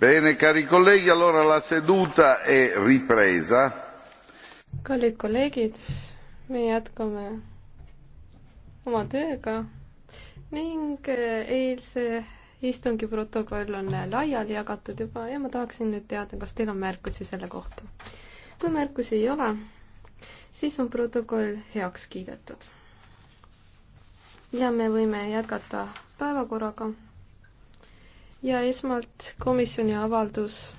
Bene, cari colleghi, allora la seduta è ripresa. kallid kolleegid, me jätkame oma tööga ning eh, eilse istungi protokoll on laiali jagatud juba ja ma tahaksin nüüd teada, kas teil on märkusi selle kohta. kui märkusi ei ole, siis on protokoll heaks kiidetud. ja me võime jätkata päevakorraga ja esmalt komisjoni avaldus